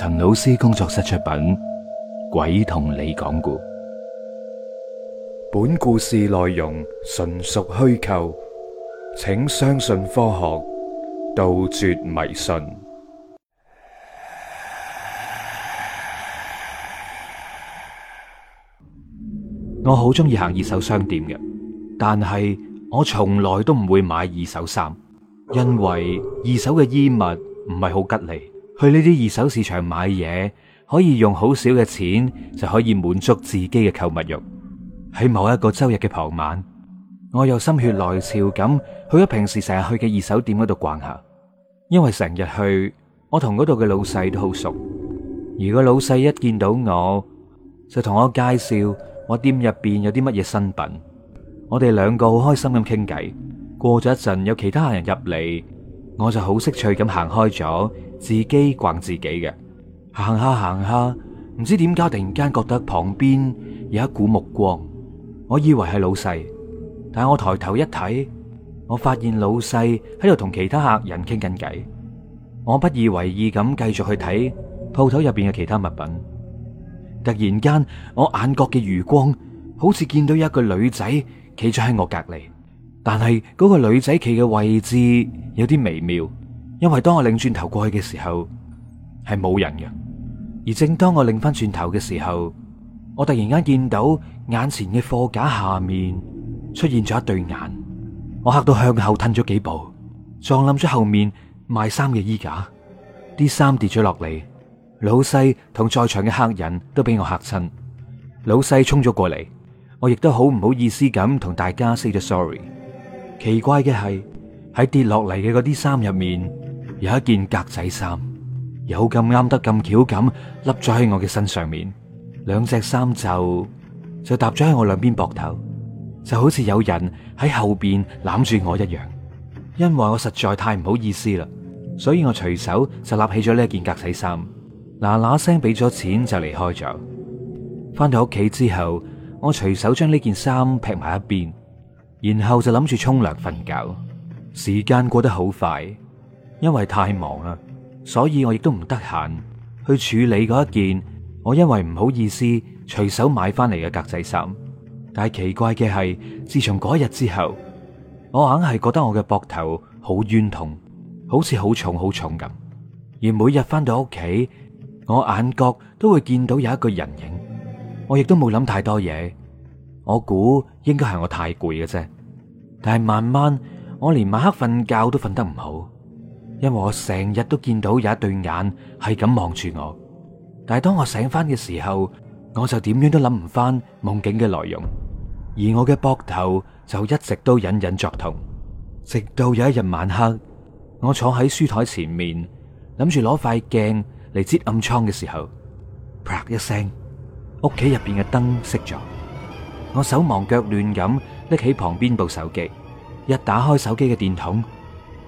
陳老師工作室出品《鬼同你講故》，本故事內容純屬虛構，請相信科學，杜絕迷信。我好中意行二手商店嘅，但係我從來都唔會買二手衫，因為二手嘅衣物唔係好吉利。去呢啲二手市場買嘢，可以用好少嘅錢就可以滿足自己嘅購物欲。喺某一個周日嘅傍晚，我又心血來潮咁去咗平時成日去嘅二手店嗰度逛下，因為成日去，我同嗰度嘅老細都好熟。如果老細一見到我，就同我介紹我店入邊有啲乜嘢新品。我哋兩個好開心咁傾偈。過咗一陣，有其他人入嚟。我就好識趣咁行開咗，自己逛自己嘅。行下行下，唔知點解突然間覺得旁邊有一股目光，我以為係老細，但我抬頭一睇，我發現老細喺度同其他客人傾緊偈。我不以為意咁繼續去睇鋪頭入邊嘅其他物品，突然間我眼角嘅餘光好似見到一個女仔企咗喺我隔籬。但係嗰個女仔企嘅位置有啲微妙，因為當我擰轉頭過去嘅時候，係冇人嘅；而正當我擰翻轉頭嘅時候，我突然間見到眼前嘅貨架下面出現咗一對眼，我吓到向後褪咗幾步，撞冧咗後面賣衫嘅衣架，啲衫跌咗落嚟。老細同在場嘅客人都俾我吓親，老細衝咗過嚟，我亦都好唔好意思咁同大家 say 咗 sorry。奇怪嘅係喺跌落嚟嘅嗰啲衫入面，有一件格仔衫，有咁啱得咁巧咁笠咗喺我嘅身上面，兩隻衫袖就搭咗喺我兩邊膊頭，就好似有人喺後邊攬住我一樣。因為我實在太唔好意思啦，所以我隨手就笠起咗呢一件格仔衫，嗱嗱聲俾咗錢就離開咗。翻到屋企之後，我隨手將呢件衫劈埋一邊。然後就諗住沖涼瞓覺，時間過得好快，因為太忙啦，所以我亦都唔得閒去處理嗰一件我因為唔好意思隨手買翻嚟嘅格仔衫。但係奇怪嘅係，自從嗰日之後，我硬係覺得我嘅膊頭好冤痛，好似好重好重咁。而每日翻到屋企，我眼角都會見到有一個人影。我亦都冇諗太多嘢。我估應該係我太攰嘅啫，但係慢慢我連晚黑瞓覺都瞓得唔好，因為我成日都見到有一對眼係咁望住我。但係當我醒翻嘅時候，我就點樣都諗唔翻夢境嘅內容，而我嘅膊頭就一直都隱隱作痛。直到有一日晚黑，我坐喺書台前面諗住攞塊鏡嚟接暗瘡嘅時候，啪一聲，屋企入邊嘅燈熄咗。我手忙腳亂咁拎起旁邊部手機，一打開手機嘅電筒，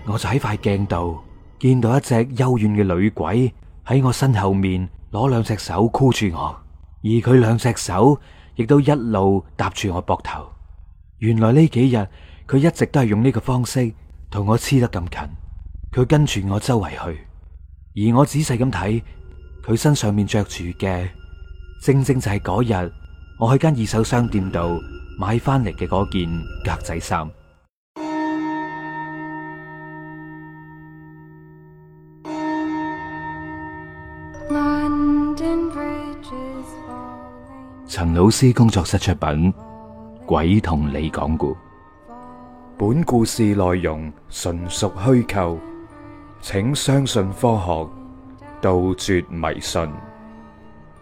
我就喺塊鏡度見到一隻幽怨嘅女鬼喺我身後面攞兩隻手箍住我，而佢兩隻手亦都一路搭住我膊頭。原來呢幾日佢一直都係用呢個方式同我黐得咁近，佢跟住我周圍去，而我仔細咁睇，佢身上面着住嘅正正就係嗰日。我去間二手商店度買翻嚟嘅嗰件格仔衫。陳老師工作室出品，《鬼同你講古》。本故事內容純屬虛構，請相信科學，杜絕迷信。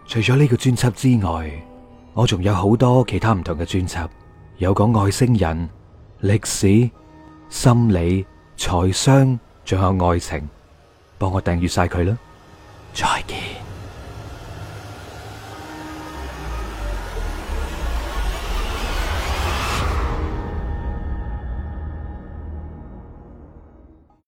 除咗呢個專輯之外。我仲有好多其他唔同嘅專輯，有講外星人、歷史、心理、財商，仲有愛情，幫我訂閱晒佢啦！再見。